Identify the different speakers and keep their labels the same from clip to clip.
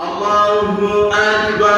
Speaker 1: الله أكبر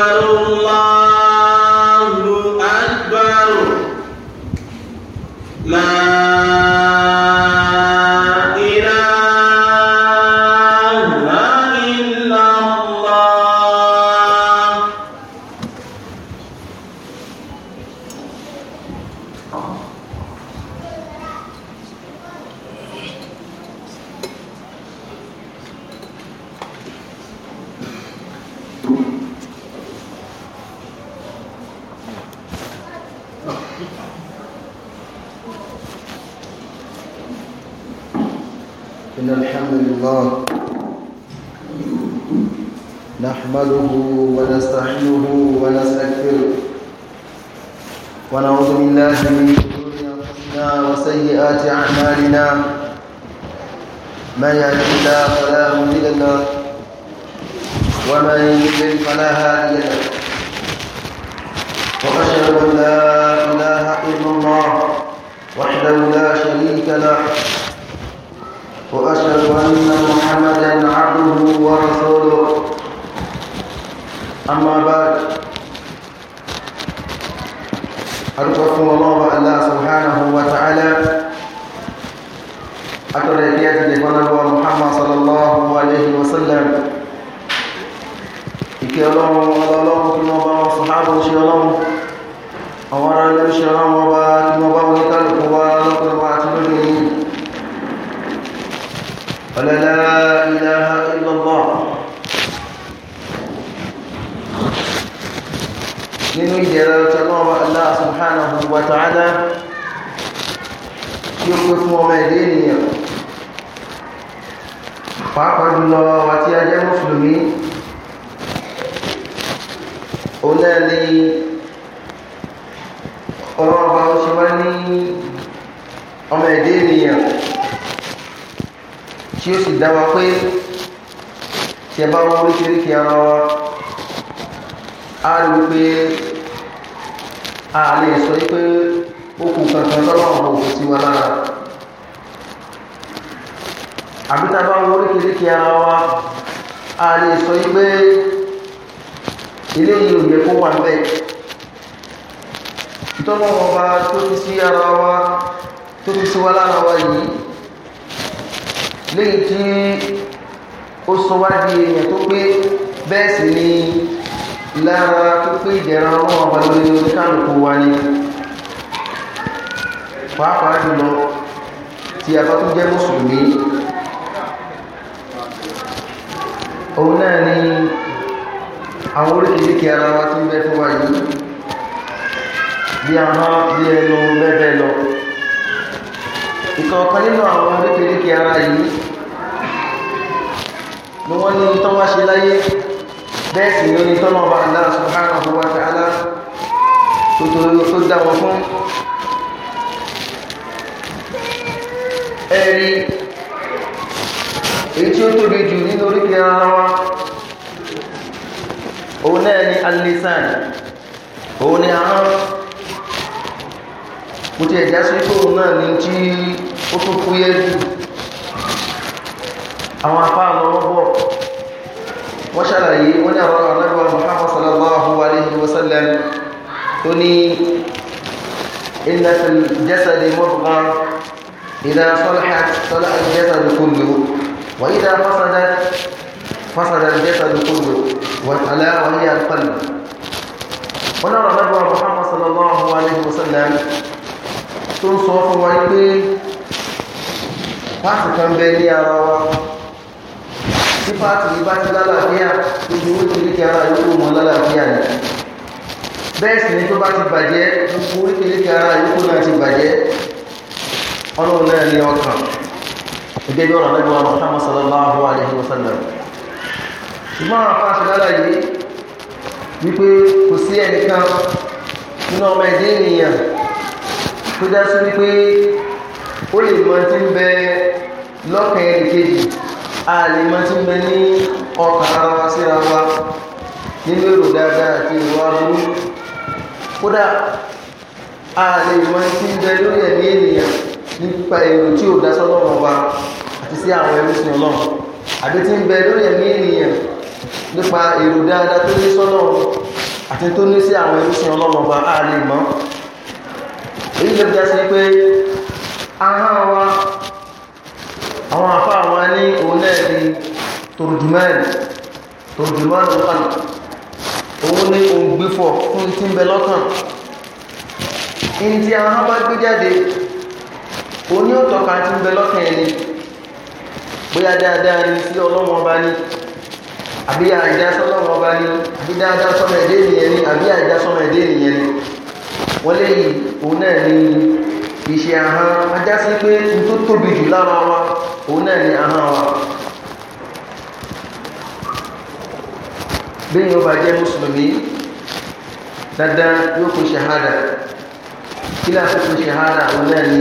Speaker 1: ومن يضلل فلا هادي له واشهد ان لا اله الا الله وحده لا شريك له واشهد ان محمدا عبده ورسوله اما بعد ارجو الله الله سبحانه وتعالى atorejea tulikuwa nabii Muhammad sallallahu alayhi wasallam ìkẹ́ ọlọ́run ọlọ́run tí wọ́n bá wọn sọ̀hábà ń ṣe ọlọ́run àwọn ará ilé ṣe ọlọ́run ọba tí wọ́n bá wọn ní kálukú wa lọ́kùnrin wa àti lóde yìí ọ̀lẹ́lá ilẹ̀ ìlọ́gbọ̀ nínú ìdẹ̀rẹ̀ ọ̀tọ̀ náà Allah subhanahu wa ta'ala tí ó pé fún ọmọ ẹ̀dẹ́ ènìyàn pàápàá jùlọ wa tí a jẹ́ mùsùlùmí òun náà ni ọlọ́run bá ó ṣe wá ní ọmọ ẹ̀dẹ́ ènìyàn tí ó sì dá pé tí ẹ bá wọ́n oríṣiríṣi ara wa á rí pé a lè sọ pé okùn kankan tọ́lọ́wọ́ bò kò sí wọn lára àbí tá a bá wọ oríkèéríkèé ara wa a lè sọ yí pé eléyìí ò yẹ kó wà bẹ́ẹ̀ tọ́lọ́wọ́ bá tó fi sí ara wa tó fi sí wa lára wa yìí léyìí tí ó sọ wá di èèyàn tó pé bẹ́ẹ̀ sì ni lára tó pé ìdẹ̀ra ọlọ́wọ́ bá lórí oníkàlùkù wa ni pàápàá jùlọ tí a bá tó jẹ́ mùsùlùmí òun náà ni àwọn oríkèéríkèé ara wa tí ń bẹ fún wa yìí bí ahọ́n bí ẹnu bẹ́ẹ̀ lọ ìkọ̀ọ̀kan nínú àwọn oríkèéríkèé ara yìí ni wọ́n ní tán wá ṣe láyé bẹ́ẹ̀ sì ni ó ní tọ́nà ọba Allah subhanahu wa ta'ala tó dá wọn fún ẹ̀rí èyí tí ó tóbi jù nínú oríkèé ara wa òun náà ni alisan òun ni ahọ́n mo ti ẹ̀já sí pé òun náà ni tí ó tún fúyẹ́ jù àwọn afá lọ́wọ́ bọ̀ wọ́n ṣàlàyé wọ́n ní àwọn alágbàwọ̀ Muhammad sallallahu alayhi wa sallam tó ní inna fil jasadi mudghah إذا صلحت صلح الجسد كله وإذا فسدت فسد الجسد كله ألا وهي القلب ونرى نبوة محمد صلى الله عليه وسلم تنصف ويقول pàtì kan bẹ ní ara wa tí pàtì yìí bá ti lálàáfíà níbi oríkèéríkè ara yóò mọ lálàáfíà ni bẹ́ẹ̀ sì ni tó bá ti bàjẹ́ gbogbo oríkèéríkè ara yóò náà ti bàjẹ́ ọlọ́run náà ní ọkàn gẹ́gẹ́ bí ọ̀rọ̀ alẹ́gbẹ̀wà Muhammad sallallahu alayhi wa sallam ṣùgbọ́n àwọn afáṣẹ lálàyé wípé kò sí ẹnìkan nínú ọmọ ẹ̀dẹ́ ènìyàn tó já sí wípé ó lè mọ tí ń bẹ lọ́kàn ẹnì kejì a lè mọ tí ń bẹ ní ọkàn ara wa síra wa nínú èrò dáadáa àti ìwà aburú kódà a lè mọ tí ń bẹ lórí ẹ̀mí ènìyàn nípa èrò tí ò dasọ́ lọ́wọ́ wa àti sí àwọn ẹrú sí ọlọ́run àbí tí ń bẹ lórí ẹ̀mí ènìyàn nípa èrò dáadáa tó ní sọ́nà àti tó ní sí àwọn ẹrú sí ọlọ́run ọba a lè mọ̀ èyí ló já sí pé ahọ́n wa àwọn afá wa ní òun náà ni tòrùjùmẹ́ẹ̀lì tòrùjùmẹ́ẹ̀lì kan òun ní òun gbé fọ̀ fún ti ń bẹ lọ́kàn ní ti oní òtọ̀ka ti ń bẹ lọ́kàn ẹni bóyá dáadáa ni sí ọlọ́wọ́n ọba ní àbí àìdá sọ́lọ́wọ́n ọba ní àbí dáadáa sọ́mọ ẹ̀dẹ́ ènìyàn ní àbí àìdá sọ́mọ ẹ̀dẹ́ ènìyàn ní wọ́n lè yí òun náà ní iṣẹ́ ahọ́n ajá sí pé n tó tóbi jù lára wa òun náà ní ahọ́n wa. bẹ́ẹ̀ ni ó bá jẹ́ mùsùlùmí dáadáa yóò kó ṣahada kí láti kó ṣahada òun náà ní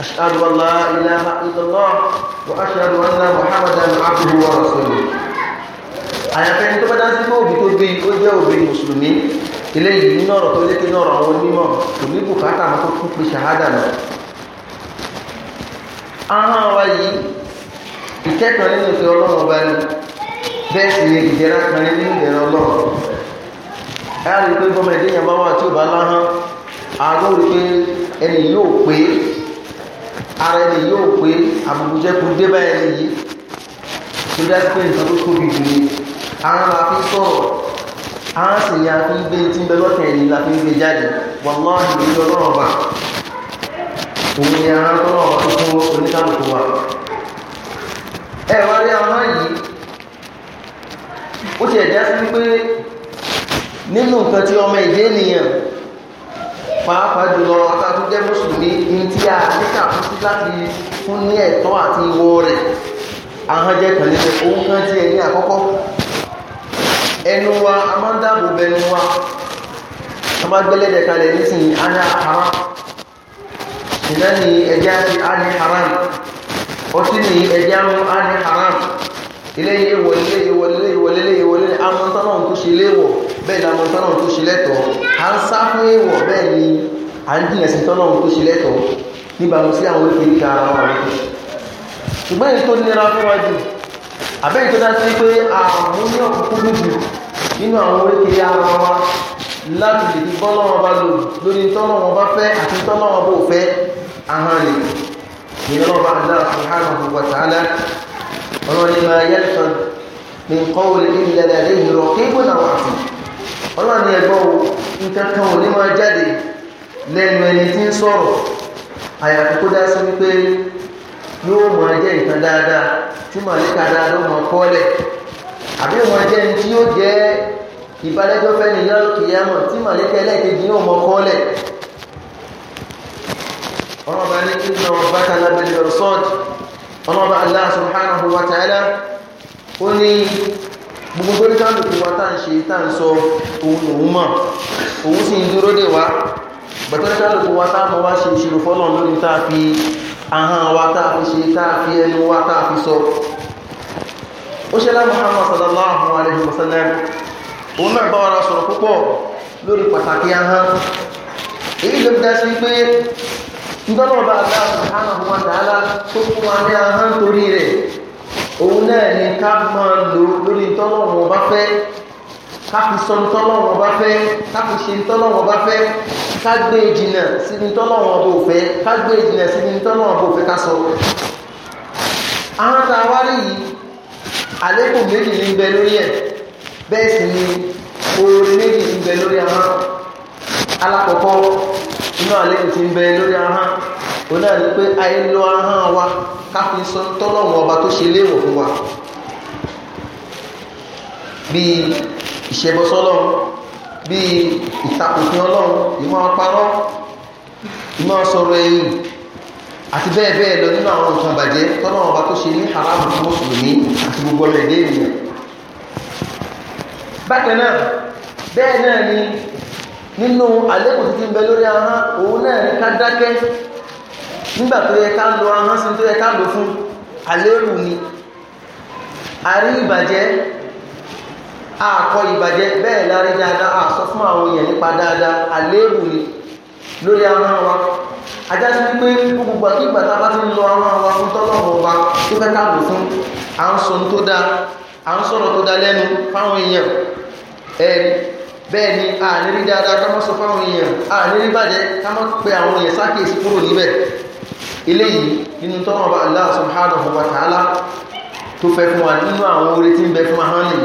Speaker 1: أشهد أن لا إله إلا الله وأشهد أن محمدا عبده ورسوله àyàfẹ́ni tó bá dá sí mọ́ òbí tó gbé ó jẹ́ òbí mùsùlùmí eléyìí nínú ọ̀rọ̀ tó lékè náà àwọn onímọ̀ kò ní bùkátà máa tó tún pe ṣàhádà lọ. ahọ́n wa yìí ìkẹ́kọ̀ọ́ nínú ìfẹ́ ọlọ́run ọba ni bẹ́ẹ̀ sì ni ìjẹ́ra kan nínú ìdẹ̀rẹ̀ ọlọ́run. ẹ á rí i pé bọ́mọ ẹ̀dẹ́yìn bá wà tí ò bá láhán àárọ̀ rí i pé ẹni yóò pé ara ẹni yóò pé àbùkùjẹ́kù dé bá ẹni yìí tó dájú pé nǹkan tó tóbi jù ara máa fi ara sì ni a fi gbé tí ń bẹ ẹni la fi ń gbé jáde wàláhì ìlú ọlọ́run ọba òun ni ara tó náà wà tó fún oníkàlùkù wa ẹ wá rí àwọn yìí ó ti ẹ̀já sí pé pàápàá jùlọ tàbí jẹ́ mùsùlùmí ní tí a níkà fún sí láti fún ní ẹ̀tọ́ àti ìwọ rẹ̀ ahọ́njẹ́ pẹ̀lú ohun kan tí ẹni àkọ́kọ́ ẹnu wa a máa ń dáàbò bẹnu wa a máa gbẹ́lẹ́dẹ̀ kalẹ̀ nísìnyí a ní haram ìná ni ẹja ti a ní haram ọtí ni ẹja mú a ní haram ilé ìwọ̀ ilé ìwọ̀ ilé ìwọ̀ ilé ìwọ̀ ilé amọ̀ntánà tó ṣe léwọ̀ bẹ́ẹ̀ ni amọ̀ntánà tó ṣe lẹ́tọ̀ọ́ à ń sá fún ìwọ̀ bẹ́ẹ̀ à ń jìnà sí tọ́nà tó ṣe lẹ́tọ̀ọ́ níbàámu sí àwọn oríkèé ta ara wọn ṣùgbọ́n èyí tó nira fún wa jù àbẹ́yìn tó dá sí pé àmú ní ọ̀kúnkún jù nínú àwọn oríkèé ara wa láti lè fi bọ́ lọ́wọ́ bá lò lórí tọ́nà wọn bá fẹ́ àti tọ́nà wọn bó fẹ́ ahọ́n rẹ̀ ìyẹn lọ́wọ́ ní kọ́wọ́lẹ̀ ilẹ̀ lẹ́yìn fún ọlọ́run ẹ̀gbọ́n nǹkan lẹ́nu ẹni tí ń sọ̀rọ̀ àyàfi kó dá sí wípé yóò mọ ẹjẹ́ ìtàn dáadáa tí màlíkà dáadáa mọ kọ́lẹ̀ àbí mọ ẹjẹ́ ni tí yóò jẹ́ ìbálẹ́jọ́ fẹ́ni yọ̀rọ̀ kìyàmọ̀ tí màlíkà ẹlẹ́ẹ̀kejì yóò mọ kọ́lẹ̀ ọlọ́ba ní kí lọ bá kálábẹ̀lẹ̀ ọ̀sọ́ọ̀dì ọlọ́ba Allah subhanahu wa ta'ala ó ní gbogbo tó ní káàkiri wa tá à ń ṣe tá à ń sọ òun òun mọ̀ òun sì ń dúró dè wá bẹ̀tẹ́ kálùkù wa tá mọ́ wá ṣe ìṣirò fọ́lọ̀ lórí tá fi ahán wa tá fi ṣe tá fi ẹnu wa tá fi sọ ó ṣẹlá Muhammad sallallahu alaihi wasallam òun náà bá wàrà sọ̀rọ̀ púpọ̀ lórí pàtàkì ahán uh-huh. èyí ló dá sí pé ìdọ́nà bá dá subhanahu wa ta'ala tó fún wa ní ahán uh-huh, torí rẹ̀ òun náà ni ká máa fi sọ tọ́lọ̀ wọn bá fẹ́ ká fi ṣe tọ́lọ̀ wọn bá fẹ́ kágbé jìnà síbi tọ́lọ́wọ́n bò fẹ́ kágbé jìnà síbi tọ́lọ́wọ́n bò fẹ́ ká sọ. àwọn tá a wá rí yìí àlékún méjì ní bẹ lórí ẹ̀ bẹ́ẹ̀ sì ni oore méjì ní bẹ lórí ahọ́n alákọ̀ọ́kọ́ inú àlékún ti ń bẹ lórí ahọ́n òun náà ni pé ayé lọ ahọ́n wa ká fi sọ tọ́lọ́wọ́n ọba tó ṣe léèwọ̀ fún wa bíi ìṣẹ́bọsọ́lọ́run bíi ìtakùnfin ọlọ́run ìmọ̀ parọ́ ìmọ̀ sọ̀rọ̀ ẹ̀yìn àti bẹ́ẹ̀ bẹ́ẹ̀ lọ nínú àwọn nǹkan bàjẹ́ tọ́nà ọba tó ṣe ní haramu fún mùsùlùmí àti gbogbo ọmọ ẹ̀dẹ́ ènìyàn bákan náà bẹ́ẹ̀ náà ni nínú àlékún títí ń bẹ lórí ahọ́n òun náà ní ká dákẹ́ nígbà tó yẹ ká lo ahọ́n sí tó yẹ ká lò fún àlérù ni àrí ìbàjẹ́ àkọ ìbàjẹ́ bẹ́ẹ̀ lárí dáadáa àsọ fún àwọn èèyàn nípa dáadáa àlérù ni lórí ahọ́n wa ajá sí wípé gbogbo àkígbà tá a bá ti ń lo ahọ́n wa fún tọ́lọ́mù ọba tó fẹ́ káàbò fún à ń sọ tó dáa à ń sọ̀rọ̀ tó dáa lẹ́nu fáwọn èèyàn ẹ̀rí bẹ́ẹ̀ ni àníri dáadáa ká mọ́ sọ fáwọn èèyàn àníri bàjẹ́ ká mọ́ pe àwọn èèyàn sákèsí kúrò níbẹ̀ eléyìí nínú tọ́lọ́mù ọba Allah subhanahu wa ta'ala tó fẹ́ fún wa nínú àwọn oore tí ń bẹ fún ahọ́n nìyí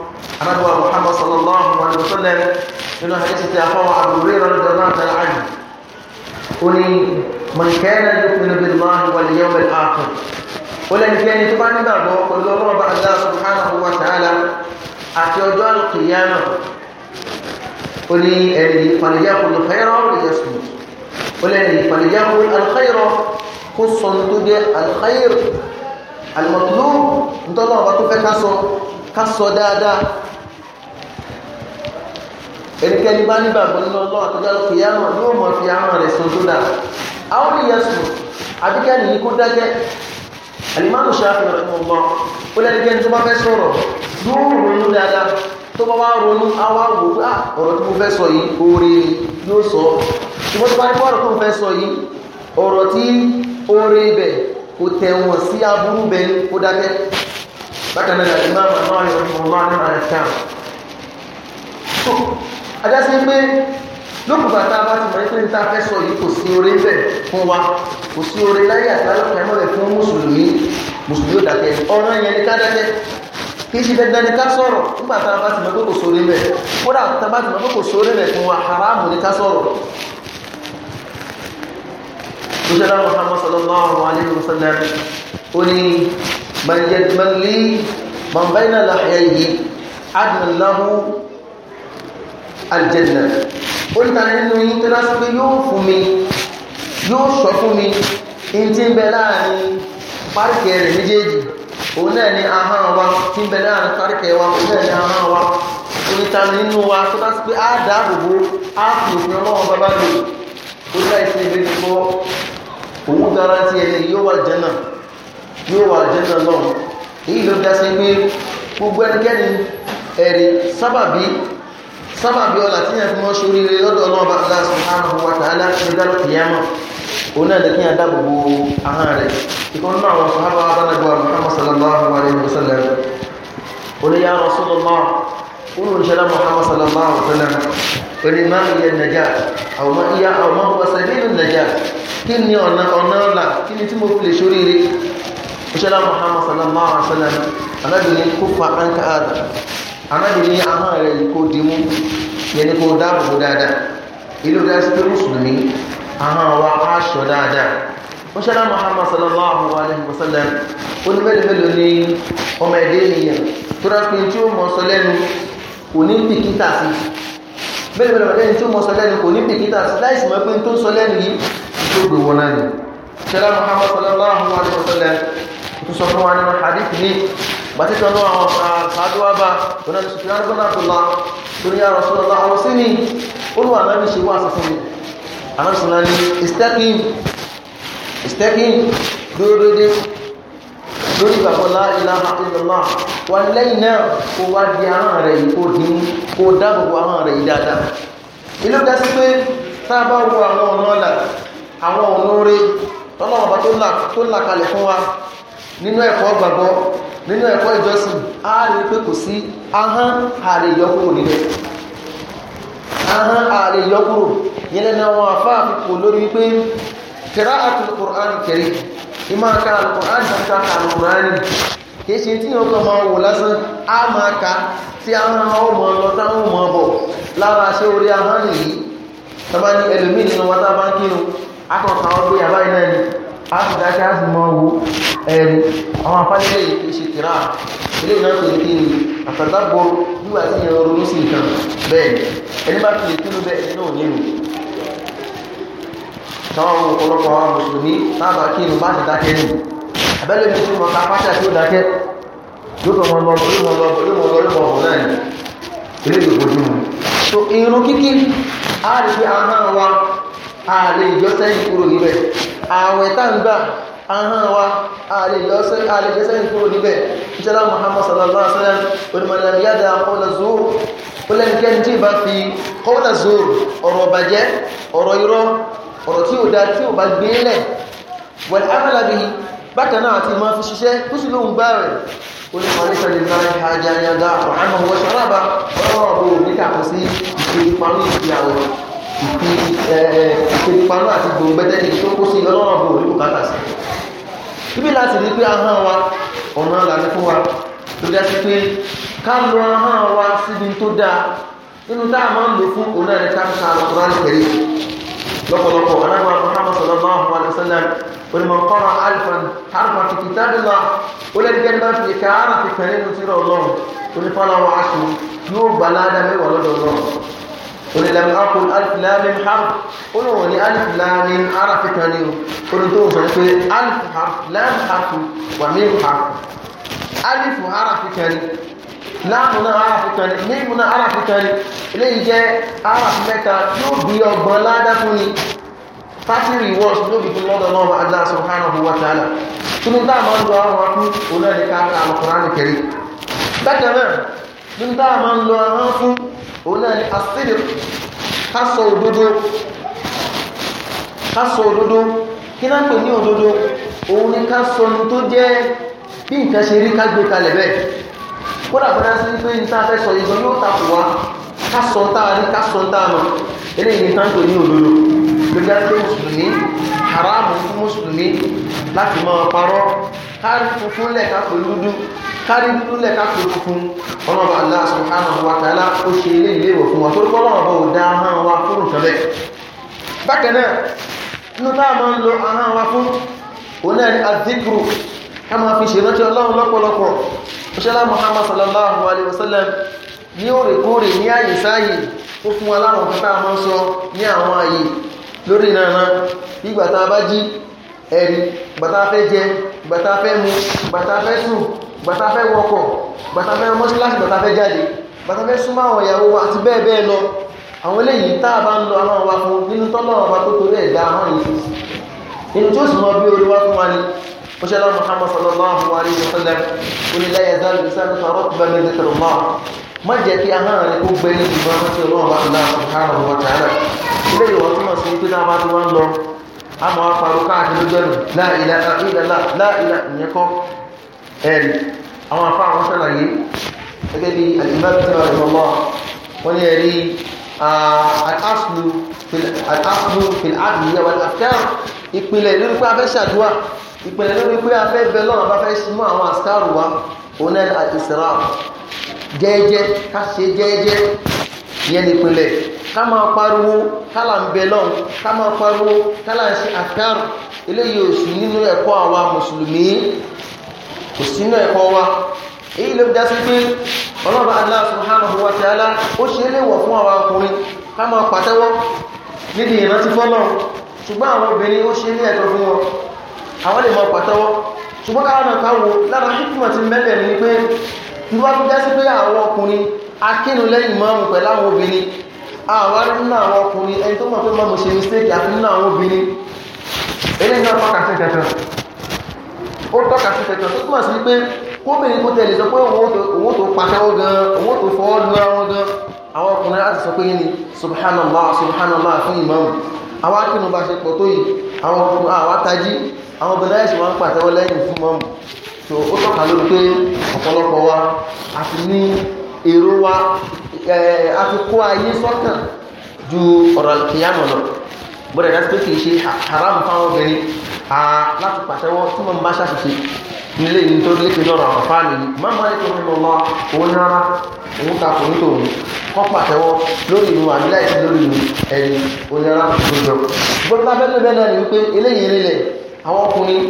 Speaker 1: محمد صلى الله عليه وسلم من حديث أبو عبد الرير الجنات العجل قولي من كان يؤمن بالله واليوم الآخر قولي أن كان يتبعني بابه قل رب الله سبحانه وتعالى أتوجع القيامة قولي فليأخذ الخير ليسمي قولي فليأخذ الخير خصا الخير àlùmọ̀tòló ntọ́nà ọba tó fẹ́ ká sọ dáadáa ẹnikẹ́ni bá nígbàgbọ́ nínú ọlọ́run àtọ́jọ́ kìí àwọn yóò mọ̀ fi àwọn rẹ̀ sọ tó dáa àwọn ènìyàn sùn àbíkẹ́ni ní kó dájẹ́ alimami ṣáfi rẹ̀ fún ọgbọ́n ó lẹ́nikẹ́ni tó bá fẹ́ sọ̀rọ̀ yóò ronú dáadáa tó bá wá ronú àwa wò pé ah, ọ̀rọ̀ tó mo fẹ́ sọ yìí oore yóò sọ ṣùgbọ́n tó bá ní kó ọ̀rọ̀ tó mo fẹ́ sọ yìí ọ̀rọ̀ tí oore ibẹ̀ kò tẹ̀wọ̀n sí aburú bẹ kó dákẹ́ bákan náà láti máa máa máa yọrọ ìwọ̀n máa náà rẹ̀ tán so adásí pé lókùnbà tá a bá ti mọ̀ pé níta fẹ́ sọ yìí kò sí oore bẹ́ẹ̀ fún wa kò sí oore láyé àtàlọ́kùn ẹ̀mọ́ rẹ̀ fún mùsùlùmí mùsùlùmí ó dákẹ́ ọ̀ràn yẹn ni ká dákẹ́ kì í ṣe dandan ni ká sọ̀rọ̀ nígbà tá a bá ti mọ̀ pé kò sóore bẹ́ẹ̀ kódà tá a bá ti mọ̀ pé kò sóore bẹ́ẹ̀ fún wa haramu ni ká sọ̀rọ̀ òṣèlú Muhammad sallallahu alayhi wa sallam ó ní mọ̀lẹ́dẹ́gbẹ̀lì mọ̀bẹ́nà láàyè yìí adìmọ̀láhù aljanna ó ní tàbí nínú yìí tó lásán pé yóò fún mi yóò sọ fún mi in ti ń bẹ láàrin páàkì rẹ̀ méjèèjì òun náà ni ahọ́n wa ti ń bẹ láàrin páàkì wa òun náà ni ahọ́n wa oníta nínú wa tó lásán pé á dáàbòbò á fi òfin ọlọ́wọ́ bàbá lò ó láì sí ibi gbọ́ òun garanti ẹni yóò wà jẹ́nà yóò wà jẹ́nà náà èyí ló dá sí pé gbogbo ẹnikẹ́ni ẹ̀rí sábàbí sábàbí ọ̀la tí yẹn fi mọ́ sóríire lọ́dọ̀ ọlọ́run bá Allah subhanahu wa ta'ala ní dálọ́ kìyàmọ́ òun náà lẹ́kìn àdá gbogbo ahọ́n rẹ̀ ìkan àwọn sàhábà abánagba oní máa ń yẹ nàjà àwọn ìyá àwọn ọ̀sẹ̀ nínú nàjà kí ni ọ̀nà ọ̀nà ọ̀la kí ni tí mo fi lè ṣoríire ìṣẹ́lá Muhammad sallallahu alaihi wa sallam alábìnrin kó fa anka àdà alábìnrin ahọ́n rẹ̀ yìí kó dimú yẹn ni kó dáàbò bò dáadáa ìlú dáa sí pé mùsùlùmí ahọ́n wa aṣọ dáadáa ìṣẹ́lá Muhammad sallallahu alaihi wa sallam oníbẹ̀lẹ̀bẹ̀lẹ̀ ní ọmọ ẹ̀dẹ́ ènìyàn tó rà pé tí ó mọ̀ sọ lẹ́nu kò bìkítà sí i bẹ́ẹ̀ bẹ́ẹ̀ lọ́dẹ́ni tí ó mọ́ sọ lẹ́nu kò ní bìkítà láìsí mọ́ pé tó ń yìí tó gbé wọn náà ni ṣẹlá Muhammad sallallahu alaihi wasallam tó sọ fún wa nínú hadith ní bàtí tó ń lọ àwọn àádọ́wà bá tó náà sùfì arúgbọ́n àtúlá tó ní àrùn sọ́lọ́ lọ àwọn sí ni ó lù àná ní ṣe wá sọ́fún mi àwọn sọ̀rọ̀ ní istakim istakim dúró déédéé lórí ìgbàgbọ́ láìláha ìlọ́lá wà lẹ́yìn náà kó wá di ahọ́n rẹ̀ yìí kó dín kó dáàbòbò ahọ́n rẹ̀ yìí dáadáa ilé ó dásí pé tá a bá wo àwọn ọ̀nà ọ̀là àwọn ọ̀nà oore tọ́lọ́wọ́n tó là fún wa nínú ẹ̀kọ́ gbàgbọ́ nínú ẹ̀kọ́ ìjọsìn á pé kò sí ìmọ̀ ká alùkùnrin àjíká alùkùnrin kìí ṣe tí yóò kọ́ máa wò lásán á máa ka tí a máa ó mọ̀ lọ táwọn mọ̀ bọ̀ lára ṣé orí ahọ́n nìyí tọ́ba ní ẹlòmíì nínú wọn tábà ń kírun akọ̀ọ̀kọ̀ àwọn gbé ni a sì dákẹ́ a sì mọ̀ wo ẹ̀rù àwọn afánilẹ̀ yìí ṣe kìrà ilé ìná tó ẹni táwọn ọ̀pọ̀lọpọ̀ àwọn mùsùlùmí tábà kí inú bá ti dákẹ́ nù abẹ́lẹ̀ tí ó mọ̀ ká pátá tí ó dákẹ́ yóò tọ́ mọ̀ lọ yóò mọ̀ lọ so irun kíkí a lè fi ahọ́n wa a lè yọ sẹ́yìn kúrò níbẹ̀ ààwẹ̀ tá ń gbà ahọ́n wa a Muhammad sallallahu alaihi wa sallam onímọ̀lẹ́ yàda ọ̀nà zuur ó lẹ́nu kẹ́ni tí ì bá fi ọ̀rọ̀ tí ò dá tí ò bá gbé lẹ̀ wẹ̀lẹ̀ ámàlábí bákan náà àti máa fi ṣiṣẹ́ tó sì lóhun gbá rẹ̀ ó ní wọn nípa lè máa ha jayaga ọ̀hánà wọ́n ṣalábà ọ̀rọ̀ ọ̀bọ̀ níta kò sí ìpinnu ìyàwó ìpinnu àti gbòǹgbẹ́tẹ́ ní tó kó sí ọlọ́rọ̀ ọ̀bọ̀ ní bùkátà sí ibi láti rí pé ahọ́n wa ọ̀nà làní fún wa ló dá sí pé ká lọ ahọ́n wa síbi tó dáa nínú táà máa ń lò fún òun náà ní ká lọ́pọ̀lọpọ̀ alágbà muhammad sallallahu alayhi wa sallam onímọ̀kọ́rọ̀ alifan harfa fi kitabillah ó lẹ́gbẹ́ náà fi ìka ara fi pẹ̀lú inú tírà ọlọ́run onífọ́láwọ̀ aṣọ yóò gbà ládà mẹ́wàá lọ́dọ̀ ọlọ́run onílẹ̀mí akun alifilamin harf olóhùn ní alifilamin ara fi pẹ̀lú onítòhùn sọ pé alif harf lam harf wà mí harf alif harf fi pẹ̀lú láàmù náà aráàfù kan ní níìmù náà aráàfù kan ní eléyìí jẹ́ aráàfù mẹ́ta yóò bí ọgbọ̀n ládá fún ni thirty rewards ló fi fún lọ́dọ̀ lọ́wọ́ Allah subhanahu wa ta'ala tunu dáàmà ń lo àwọn akú òun náà ní káàkiri Al-Qur'an Al-Karim bákan náà tunu dáàmà ń lo àwọn akú òun náà bí nǹkan ṣe rí ká kalẹ̀ bẹ́ẹ̀ kódà kódà sí pé ní táà fẹ́ sọ ìgbọ́n yóò takò wá kásọ̀ táà ní kásọ̀ táà nà eléyìí ní táǹkò ní òdodo lórí àti mùsùlùmí haramu fún mùsùlùmí láti máa parọ́ kárí funfun lẹ́ka pẹ̀lú dúdú kárí dúdú lẹ́ka pẹ̀lú funfun ọlọ́ba Allah subhanahu wa ta'ala ó ṣe ilé ilé ìwọ̀ fún wa torí kọ́lọ́ ọ̀bọ̀ ò dá ahọ́n wa fún ìtọ́lẹ̀ bákan náà inú táà máa ń lo ahọ́n wa fún òun náà ni adhikru ká máa fi ṣèrántí ọlọ́run lọ́pọ̀lọpọ̀ òṣèlá Muhammad sallallahu alayhi wa sallam ní òrèkóòrè ní àyè sáyè ó fún wa láwọn kan tá a máa ń sọ ní àwọn àyè lórí ìrànà bí ìgbà tá a bá jí ẹ̀rí ìgbà tá a fẹ́ jẹ ìgbà tá a fẹ́ mu ìgbà tá a fẹ́ sùn ìgbà tá a fẹ́ wọkọ̀ ìgbà fẹ́ mọ́ṣíláṣí ìgbà tá fẹ́ jáde ìgbà fẹ́ súnmọ́ àwọn ìyàwó wa àti bẹ́ẹ̀ bẹ́ẹ̀ lọ àwọn eléyìí tá bá ń lọ aláwọ̀ wa fún nínú tọ́lọ́wọ́ وجل محمد صلى الله عليه وسلم قل لا يزال لسانك رطبا من ذكر الله má jẹ́ kí ahọ́n rẹ̀ kó gbẹ ní ìgbà wọn tí ọlọ́run bá ń dá subhanahu wa ta'ala ilé ìwọ túmọ̀ sí pé náà bá ti wá ń lọ a mọ̀ wá parọ́ káàkiri lójú ẹnu láìlà ìlàlá láìlà ìyẹn kọ́ ẹ̀rì àwọn afá àwọn sàlàyé gẹ́gẹ́ bí àdìmọ́tò àdìmọ́lọ́ wọ́n ní ẹ̀rí al-aslu fil adìyẹ wal afkar ìpìlẹ̀ lórí pé abẹ́ṣàdúrà ìpìlẹ̀ lórí pé a fẹ́ bẹ lọ́nà bá fẹ́ súnmọ́ àwọn àṣkárù wa òun náà àti ìsìnrà jẹ́ẹ́jẹ́ ká ṣe jẹ́ẹ́jẹ́ yẹn nípìnlẹ̀ ká máa pariwo kálà ń bẹ lọ́n ká máa pariwo kálà ń ṣe àṣkárù eléyìí ò sí nínú ẹ̀kọ́ àwa mùsùlùmí kò sí nínú ẹ̀kọ́ wa èyí ló dá sí pé ọlọ́run Allah subhanahu wa ta'ala ó ṣe léwọ̀ fún àwọn ọkùnrin ká máa pàtẹ́wọ́ nídìí ìrántí fọ́lọ́ ṣùgbọ́n àwọn obìnrin ó ṣe ní ẹ̀tọ́ fún wọn àwọn lè mọ pàtẹ́wọ́ ṣùgbọ́n káwọn náà káwo lára hikima ti mẹ́lẹ̀ ní pé ìwà tó jásí pé àwọn ọkùnrin akínú lẹ́yìn mọ́mù pẹ̀lú àwọn obìnrin àwọn arúgbó àwọn ọkùnrin ẹni tó mọ̀ pé mọ́mù ṣe mistake àti nínú àwọn obìnrin eré náà tọ́ka sí kẹ̀kẹ́ ó tọ́ka sí kẹ̀kẹ́ tó túmọ̀ sí pé kóbìnrin kó tẹ̀lé àwọn akínú bá ṣe pọ̀ tó yìí àwọn àwọn atají àwọn obìnrin àìsàn wọn ń pàtẹ́wọ́ lẹ́yìn fún mọ́mù tó ó tọ́ka lórí pé ọ̀pọ̀lọpọ̀ wa a ti ní èrò wa a ti kó ayé sọ́kàn ju ọ̀rọ̀ kìyàmù lọ bọ́dẹ̀ dájú pé kì í ṣe haram fáwọn obìnrin láti pàtẹ́wọ́ tí mọ́mù bá ṣàṣìṣe nílé ní tó lépe lọ́rọ̀ àwọn fáàlì yìí má má lépe nínú ọmọ òun rárá òun ta kò ní tòun kọ́ pàtẹ́wọ́ lórí ìlú àbílá ìsìn lórí ìlú ẹ̀yìn òun rárá gbogbo gbogbo bá bẹ́ẹ̀ bẹ́ẹ̀ náà ni wípé eléyìí rílẹ̀ àwọn ọkùnrin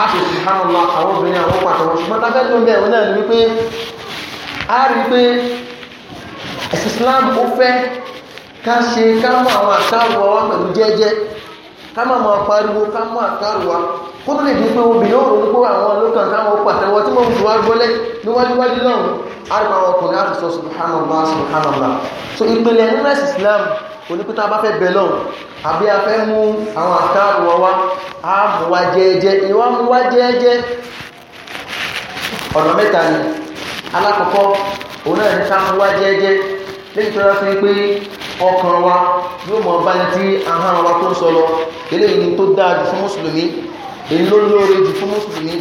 Speaker 1: á sì sì àwọn obìnrin àwọn pàtẹ́wọ́ ṣùgbọ́n tá bẹ́ẹ̀ bẹ́ẹ̀ náà ni wípé á rí pé ẹ̀sìn Islam ó fẹ́ ká ṣe ká mọ àwọn àtàwọn pẹ̀lú jẹ́jẹ́ ká má máa pariwo kó tó lè di pé obìnrin ó ròó pé àwọn olókàn táwọn pàtẹ́wọ́ tí wọ́n fi wá gbọ́lẹ̀ níwájúwájú lọ́rùn àrùn àwọn ọkùnrin láti sọ subhanallah subhanallah so ìpìlẹ̀ nínú ẹ̀sìn Islam onípítà bá fẹ́ bẹ̀ lọ́rùn àbí a fẹ́ mú àwọn àtàrù ọwá a mú wá jẹ́ẹ́jẹ́ ìwá mú wá ni alákọ̀ọ́kọ́ òun náà ní ká mú wá jẹ́ẹ́jẹ́ lẹ́yìn tó rá sí pé ọkàn wa yóò mọ̀ èyí ló lóore jù fún mùsùlùmí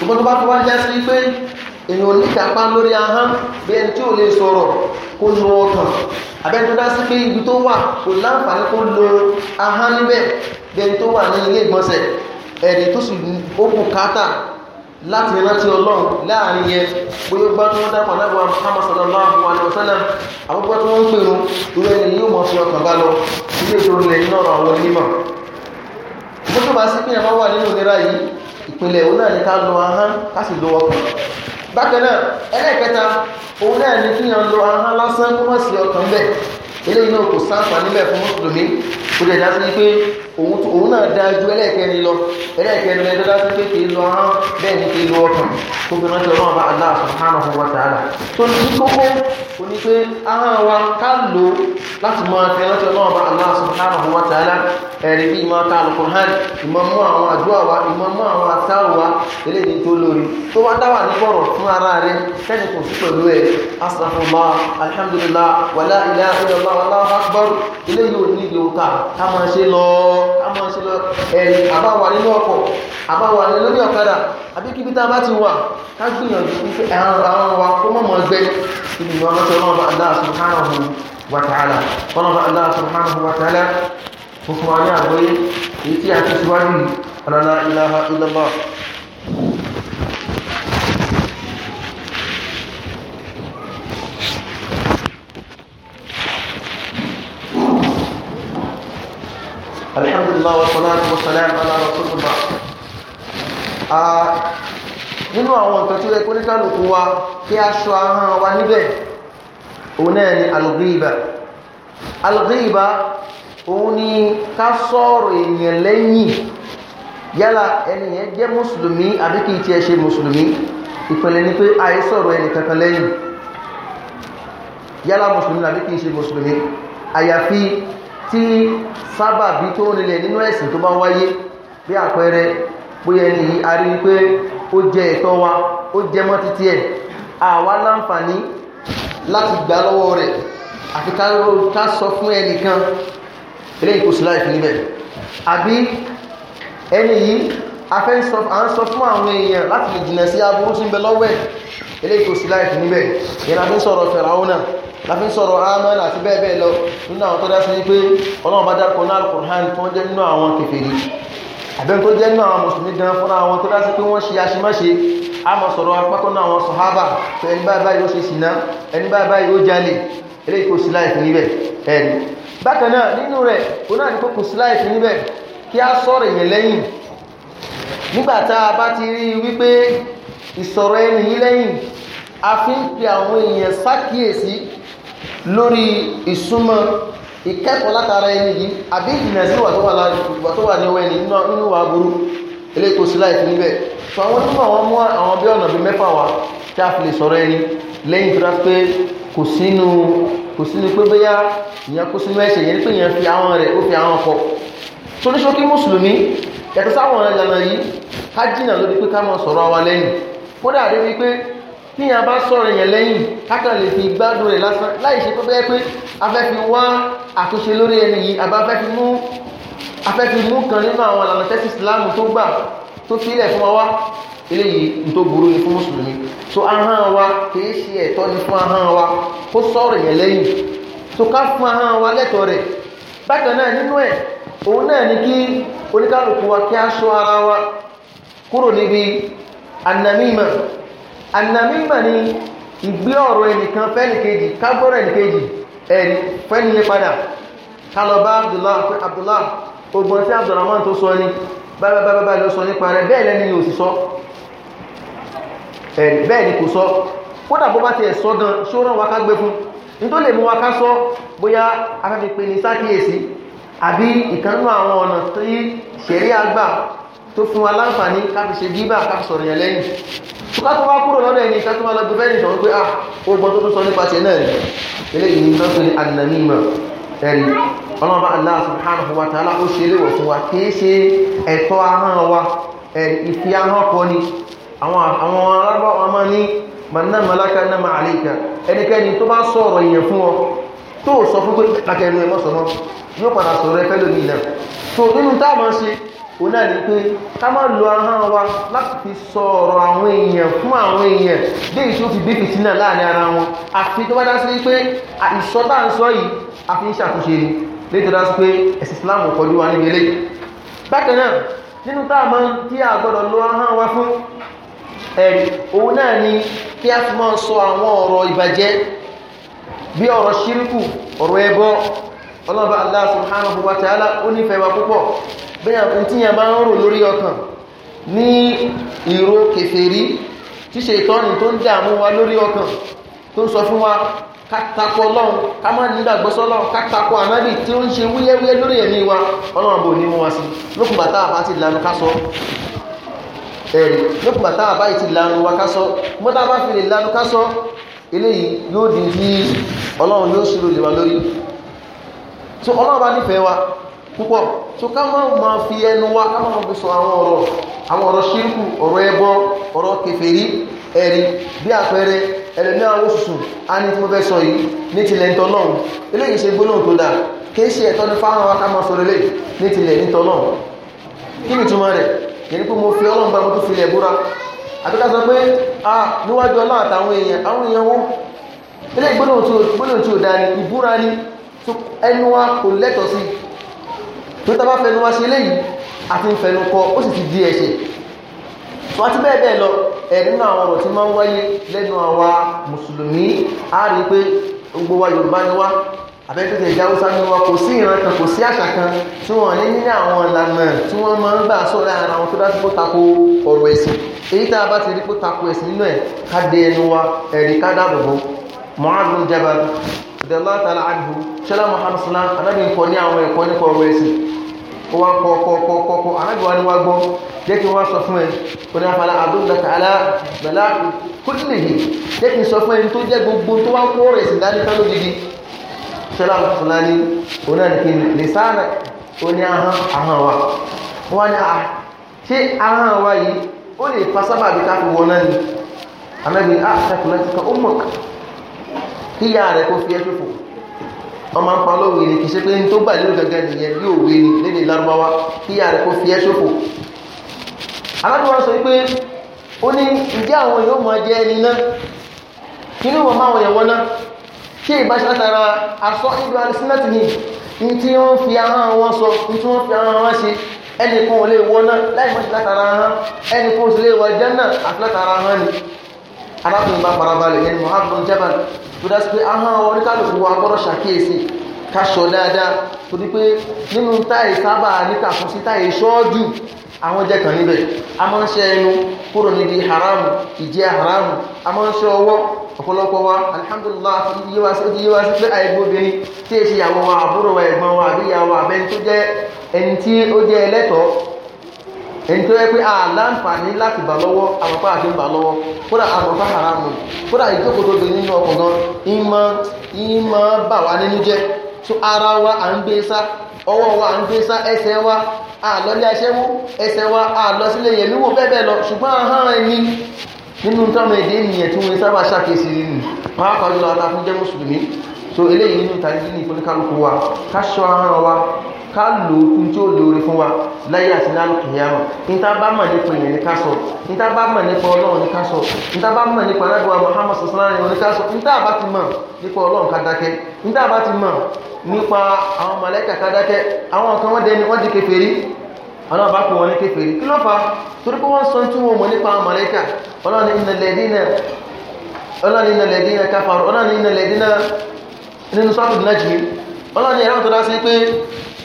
Speaker 1: ṣùgbọ́n tó bá tó wá já sí pé èyí ò ní kápá lórí ahọ́n bí ẹni tí ò lè sọ̀rọ̀ kó nu ọkàn abẹ́ni tó dá sí pé ibi tó wà kò láǹfààní kó lo ahọ́n níbẹ̀ bí ẹni tó wà ní ilé ìgbọ̀nsẹ̀ ẹni tó sì ó bùkátà láti rántí ọlọ́run láàrin yẹn bóyá gbá tó ń dápọ̀ náà wà Muhammad sallallahu alaihi wasallam àbúgbá tó ń pèrò irú ẹni yóò mọ̀ fi ọkàn bá lọ ilé ìjọba ilẹ̀ náà àwọn onímọ̀ bó tó bá sí pé ẹ̀wọ́n wà nínú ìlera yìí ìpìlẹ̀ òun náà ní ká lo ahán ká sì lo ọkàn bákan náà ẹlẹ́ẹ̀kẹta òun náà ní kí yàn lo ahán lásán kó má sí ọkàn bẹ́ẹ̀ eléyìí náà kò sáǹfààní bẹ́ẹ̀ fún mùsùlùmí kò dẹ̀ dásí pé òun náà dáa ju ẹlẹ́ẹ̀kẹrin lọ ẹlẹ́ẹ̀kẹrin lẹ́jọ́ dásí pé kì í lọ ọ̀rán bẹ́ẹ̀ ni kì í lọ ọkàn kó fi rántí ọlọ́run bá Allah subhanahu wa ta'ala tó ní kókó kò ní pé ahọ́n wa ká lò láti máa fi rántí ọlọ́run bá Allah subhanahu wa ta'ala ẹ̀rí bí ìmọ̀ ta Al-Qur'an ìmọ̀ mú àwọn àdúrà wa ìmọ̀ mú àwọn àtàrò eléyìí tó lórí tó wá dá ní bọ̀rọ̀ fún ara rẹ̀ kẹ́ni kò sí pẹ̀lú ẹ̀ astaghfirullah alhamdulillah wàlá ilaha illallah Allahu Akbar eléyìí ò ní ìgbéwòká ká máa ṣe lọ ká máa ṣe lọ ẹ̀rì àbáwà nínú ọkọ̀ àbáwà nínú lórí ọ̀kadà àbí kíbi tá a bá ti wà ká gbìyànjú wípé àwọn wa kó mọ̀mọ́ gbẹ ibi ìwà mọ́tò ọlọ́ọ̀bà Allah subhanahu wa ta'ala ọlọ́ọ̀bà alhamdulillah wa salatu wa salam ala rasulillah nínú àwọn nǹkan tó yẹ kó ní kálukú wa kí a ṣọ́ ahọ́n wa níbẹ̀ òun náà ni alghiba alghiba òun ni ká sọ̀rọ̀ èèyàn lẹ́yìn yálà ẹni yẹn jẹ́ mùsùlùmí àbí kìí tiẹ̀ ṣe mùsùlùmí ìpìlẹ̀ ni pé àyè sọ̀rọ̀ ẹni kankan lẹ́yìn yálà mùsùlùmí àbí kìí ṣe mùsùlùmí àyàfi tí sábàbí tó rinlẹ̀ nínú ẹ̀sìn tó bá wáyé bí àpẹẹrẹ bóyá ẹni yìí a rí i pé ó jẹ ẹ̀tọ́ wa ó jẹ mọ́ títí ẹ̀ àwa láǹfààní láti gbà lọ́wọ́ rẹ̀ àfi ká sọ fún ẹnìkan eléyìí kò sí láì fi níbẹ̀ àbí ẹni yìí a fẹ́ à ń sọ fún àwọn èèyàn láti lè jìnà sí aburú tí ń bẹ lọ́wọ́ ẹ̀ eléyìí kò sí níbẹ̀ yẹn a fi ń sọ̀rọ̀ fẹ̀rẹ̀ náà láfi ń sọ̀rọ̀ amán àti bẹ́ẹ̀ bẹ́ẹ̀ lọ nínú àwọn tó dá sí pé ọlọ́run bá dárúkọ náà alukur'an tó ń jẹ́ nínú àwọn kèfèrí àbẹ́ tó jẹ́ nínú àwọn mùsùlùmí gan fúnra àwọn tó dá sí pé wọ́n ṣe aṣemáṣe àmọ́ sọ̀rọ̀ apákan náà àwọn sọ̀hábà tó ẹni báyìí báyìí ó ṣe ṣìnà ẹni báyìí báyìí ó jalè eléyìí kò sí láìsí níbẹ̀ ẹni bákan náà nínú rẹ̀ ó náà ń pe àwọn èèyàn sákìyèsí lórí ìsúnmọ́ ìkẹ́kọ̀ọ́ látara ẹni yìí àbí ìjìnà sí ìwà tó wà ní ọwọ́ ẹni nínú wà burú eléko sí láìpẹ́ níbẹ̀ tó àwọn onímọ̀ àwọn mú àwọn bí ọ̀nà bí mẹ́fà wá tí a fi lè sọ̀rọ̀ ẹni lẹ́yìn tó rá pé kò sínú kò sínú pé bóyá ìyẹn kó sínú ẹ̀ṣẹ̀ yẹn pé ìyẹn fi àwọn rẹ̀ ó fi àwọn kọ tó mùsùlùmí yàtọ̀ sáwọn ìlànà yìí ká jìnà lórí pé ká mọ̀ sọ̀rọ̀ wa lẹ́yìn kódà rí wípé ní a bá sọ̀rọ̀ yẹn lẹ́yìn kákan lè fi gbádùn rẹ̀ lásán láì ṣe pé pé afẹ́fi wá àtúnṣe lórí ẹni yìí àbá afẹ́fi mú afẹ́fi mú kan nínú àwọn àlànà tẹ́sí ìsìláàmù tó gbà tó fún wa eléyìí tó burú ni fún mùsùlùmí so ahọ́n wa kìí ṣe ẹ̀tọ́ ni fún ahọ́n wa kó sọ̀rọ̀ yẹn lẹ́yìn so ká fún ahọ́n wa lẹ́tọ̀ọ́ rẹ̀ bákan náà nínú ẹ̀ òun náà ni kí wa kí a ara wa kúrò níbi anamíma ànàmímọ̀ ni ìgbé ọ̀rọ̀ ẹnìkan fẹ́nìkejì kágbọ́rọ̀ ẹnìkejì ẹ̀rí fẹ́nìyẹ padà kálọ̀bá Abdullah Abdullah ogun tí Abdulrahman tó sọ ní bábábábá lọ sọ nípa rẹ̀ bẹ́ẹ̀ lẹ́ni yóò sì sọ ẹ̀rí bẹ́ẹ̀ ni kò sọ kódà bó bá ti ẹ̀ gan ṣó wa ká gbé fún ní tó lè mú wa ká sọ bóyá afẹ́fẹ́ pe ní sákìyèsí àbí ìkánú àwọn ọ̀nà tí ṣẹ̀rí àgbà tó fún wa láǹfààní ká gíbà ká lẹ́yìn ṣùgbọ́n tó bá kúrò lọ́dọ̀ ẹni iṣẹ́ tó máa lọ gbẹ́fẹ́ nìṣàn pé ah ogun tó tún sọ nípa tiẹ̀ náà rí eléyìí ní sọ́tún ní ànàmímọ̀ ẹ̀rí ọlọ́mọ Allah subhanahu wa ta'ala ó ṣe léwọ̀ fún wa kì í ṣe ẹ̀tọ́ ahọ́n wa ẹ̀rí ìfi ahọ́n kọ ni àwọn arábọ̀ wọn máa ní manna malaka nama aleka ẹnikẹ́ni tó bá sọ̀rọ̀ èèyàn fún ọ tó sọ fún pé lákẹ́nu ẹ̀ mọ́sọ̀mọ́ yóò padà sọ̀rọ̀ ẹ fẹ́ lómi náà tó nínú táà ṣe òun náà ni pé ká má lo ahọ́n wa láti fi sọ àwọn èèyàn fún àwọn èèyàn bí èyí tó fi bí fìtínà láàrin ara wọn àfi tó bá dá sí pé ìsọdá ń sọ yìí a fi ń ṣàtúnṣe ni sí pé ẹ̀sìn Islam kọjú wa níbi eléyìí bákan náà nínú tá a máa tí a gbọ́dọ̀ lo ahọ́n wa fún òun náà ni kí ọlọ́ba Allah subhanahu wa ta'ala ó nífẹ̀ẹ́ wa púpọ̀ bẹ́yà kún tí yàn bá ń rò lórí ọkàn ní ìró kèfèrí tí ṣe ìtọ́ni tó ń dààmú wa lórí ọkàn tó ń sọ fún wa kátakọ lọ́hun ká má nígbàgbọ́sọ́ lọ́hun kátakọ ànábì tí ó ń ṣe wúyẹ́wúyẹ́ lórí ẹ̀mí wa ọlọ́run bò ní mú wa sí lókùn bàtà àbá ti lanu ká sọ fi lè lanu ká eléyìí yóò di so ọlọ́ọ̀bá nífẹ̀ẹ́ wa púpọ̀ so ká máa ma fi ẹnu wa ká máa fi sọ àwọn ọ̀rọ̀ àwọn ọ̀rọ̀ ṣírkù ọ̀rọ̀ ẹbọ ọ̀rọ̀ kèfèrí ẹ̀rí bí àpẹẹrẹ ẹlẹ́mí àwọn oṣù a ní tí mo fẹ́ sọ yìí ní tilẹ̀ ń tọ́lọ́ eléyìí ṣe gbólóhùn tó dáa kìí ṣe ẹ̀tọ́ ní fáwọn wa ká máa sọ lélẹ̀ ní tilẹ̀ ń tọ́lọ́ kí ni túmọ̀ rẹ̀ yẹni pé mo fi ọlọ́run bá mo tún filẹ̀ búra àti sọ pé a níwájú ọlọ́run àtàwọn èèyàn àwọn èèyàn wọn eléyìí gbólóhùn tó dáa ní ìbúra ni so ẹnu wa kò lẹ́tọ̀ọ́ sí tó tá bá fẹnu wa ṣe léyìí àti ń fẹnu kọ ó sì ti di ẹ̀ṣẹ̀ wọ́n ti bẹ́ẹ̀ bẹ́ẹ̀ lọ ẹ̀rínú àwọn ọ̀rọ̀ tí máa ń wáyé lẹ́nu àwa mùsùlùmí á rí pé gbogbo wa yorùbá ni wá abẹ́tẹ̀tẹ̀ ìjáwúsá ni wá kò sí ìran kan kò sí àṣà kan tí wọ́n ní nínú àwọn ìlànà tí wọ́n máa ń gbà sọ̀rọ̀ ara wọn tó dá sí kó tako ọ̀rọ̀ ẹ̀sìn èyí tá a bá ti rí kó tako ẹ̀sìn nínú ẹ̀ ká dé ẹnu wa ẹ̀rí ká dáàbò bò mọ́ àdùn jẹba radiyallahu ta'ala anhu ṣẹlẹ̀ muhammad salam anábì ń kọ ní àwọn ẹ̀kọ́ nípa ọ̀rọ̀ ẹ̀sìn ó wá kọ kọ kọ kọ kọ anábì wa ni wá gbọ́ jẹ́ kí wọ́n sọ fún ẹ kó ní afala adúlọ̀ta alá bẹ̀lá kúlìlì yìí jẹ́ kí n sọ fún ẹ tó jẹ́ gbogbo tó wá kó ọ̀rọ̀ ẹ̀sìn dání kánú gidi ṣẹlẹ̀ fúlàní òun náà nìkan lè sáànà ó ní ahọ́n ahọ́n wa wọ́n ní a ah, ṣé ahọ́n wa yìí ó lè fa sábàbí ká fi wọ́n náà ni anábì á ah, ṣàkùnrin ti ka ó kíyà rẹ̀ kó fi ẹ́ fífò wọ́n máa ń ni kì í ṣe pé ní tó gbà nínú gẹ́gẹ́ nìyẹn bí òwe ni lédè lárúbáwá kíyà rẹ̀ kó fi ẹ́ ṣòfò aládùúgbò sọ pé ó ní ìdí àwọn yóò máa jẹ ẹni náà kí ni wọ́n máa wọ̀ yẹn wọ́n náà ṣé ìbáṣe látara aṣọ ìlú alẹ́sínàtì ni ní tí wọ́n fi ahọ́n wọn sọ ní tí wọ́n fi ahọ́n wọn ṣe ẹnì kan ò lè wọ́n náà láì arákùnrin bá farabalẹ̀ ẹni muhammed jabal tó dá sí pé ahọ́n oníkálùkù wa gbọ́dọ̀ ṣàkíyèsí káṣọ dáadáa tó di pé nínú táyì sábà níta fún sí táyì ṣọ́ọ́jù àwọn jẹ́ kan níbẹ̀ a máa ń ṣe ẹnu kúrò níbi haramu ìjẹ́ haramu a máa ń ṣe ọwọ́ ọ̀pọ̀lọpọ̀ wa alhamdulillah ti yíwá sí pé àìgbóbìnrin tí èṣe ìyàwó wa àbúrò wa ẹ̀gbọ́n wa àbíyàwó abẹ́ni tó jẹ́ ẹni tí ó jẹ́ ẹlẹ́tọ̀ọ́ ẹni tó yẹ pé àlàǹfààní láti bà lọ́wọ́ àti ń bà lọ́wọ́ haramu ìjókòó tó nínú gan ìmọ̀ ìmọ̀ ara wa à ń gbé sá ọwọ́ wa à ń gbé sá ẹsẹ̀ wa àlọ́lé aṣẹ́wó ẹsẹ̀ wa àlọ́ sílé bẹ́ẹ̀ bẹ́ẹ̀ lọ ṣùgbọ́n ahọ́n nínú èdè tí wọ́n sábà ṣàkíyèsí so eléyìí nínú tàbí nínú wa ahọ́n ká lò ó kún tí ó lórí fún wa láyé àti lálùkì yàrá níta bá mọ̀ nípa èèyàn ní ká sọ níta bá mọ̀ nípa ọlọ́run ní ká sọ níta bá mọ̀ nípa alágbèwà Muhammad sasana ní ká sọ níta bá ti mọ̀ nípa ọlọ́run ká dákẹ́ níta bá ti mọ̀ nípa àwọn mọ̀lẹ́kà ká àwọn kan wọ́n dẹni wọ́n di kèfèrí ọlọ́run bá pè wọ́n ní kèfèrí kí ló fà torí pé wọ́n sọ tí wọ́n mọ̀ nípa àwọn mọ̀lẹ́kà ọlọ́run ní innal ladina kafaru ní innal ladina nínú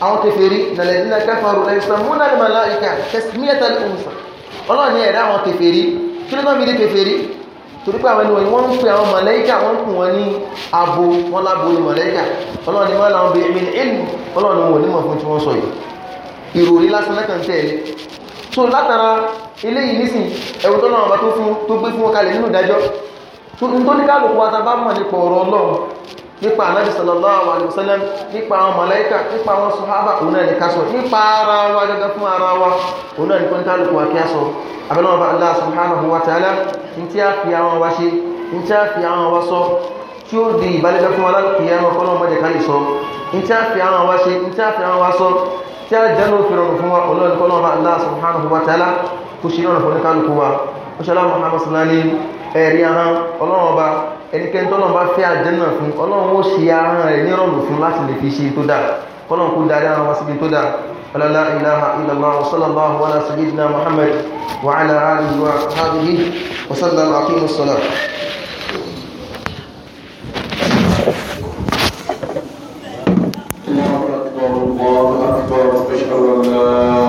Speaker 1: àwọn kèfèrí nàlẹ́dínlẹ́ kẹfàrú lẹ́sìtàmúnà ní màláìka tẹ̀símíyàtà ọ̀nsà ọlọ́run ní ẹ̀dá àwọn kèfèrí kí ló náà fi dé kèfèrí torí pé àwọn ẹni wọ̀nyí wọ́n ń pè àwọn màláìka wọ́n ń pè wọ́n ní abo wọn lábo ní màláìka ọlọ́run ní wọ́n làwọn bèèrè mí ní ìlú ọlọ́run wọn ní mọ̀ fún tí wọ́n sọ yìí ìròrí lásán lẹ́kàn tẹ̀lé so látara eléyìí nísìn ẹ̀rù tó náà wà tó fún tó gbé fún wọn kalẹ̀ nínú ìdájọ́ tó ní kálukú wa ta bá mọ̀ nípa ọ̀rọ̀ ọlọ́run nípa ànábì sallallahu alaihi wasallam nípa àwọn màláíkà nípa àwọn sọ̀hábà òun náà ní ká sọ nípa ara wa gẹ́gẹ́ fún ara wa òun náà ní kọ́ńtà lùkù kí á sọ abẹ́lẹ́wọ̀n bá Allah subhanahu wa ta'ala ní tí a fi àwọn wa ṣe ní tí a fi àwọn wa sọ tí ó di ìbálẹ́gbẹ́ fún wa lálùkù yẹn wọn kọ́nà ọmọdé ká lè sọ ní a fi àwọn wa ṣe ní a fi àwọn wa sọ tí a jẹ́ ló fi fún wa òun subhanahu wa ta'ala kó ṣe rọrùn fún ní sallallahu alaihi ẹ̀rí ahán ọlọ́run ọba ẹnikẹ́ni tọ́lọ́n bá fẹ́ àjẹ́nà fún ọlọ́run ó ṣe ara rẹ̀ ní ọ̀rọ̀ fún láti lè fi ṣe tó dáa kọ́lọ́n kó dáadáa wọn wá síbi tó dáa ọlọ́lá ìlàhà ìlàlá ọ̀sọ́lọ́lá wọn láti Muhammad wà á náà wa hábìlì ọ̀sọ́lá àkíyàn sọ́lá الله أكبر الله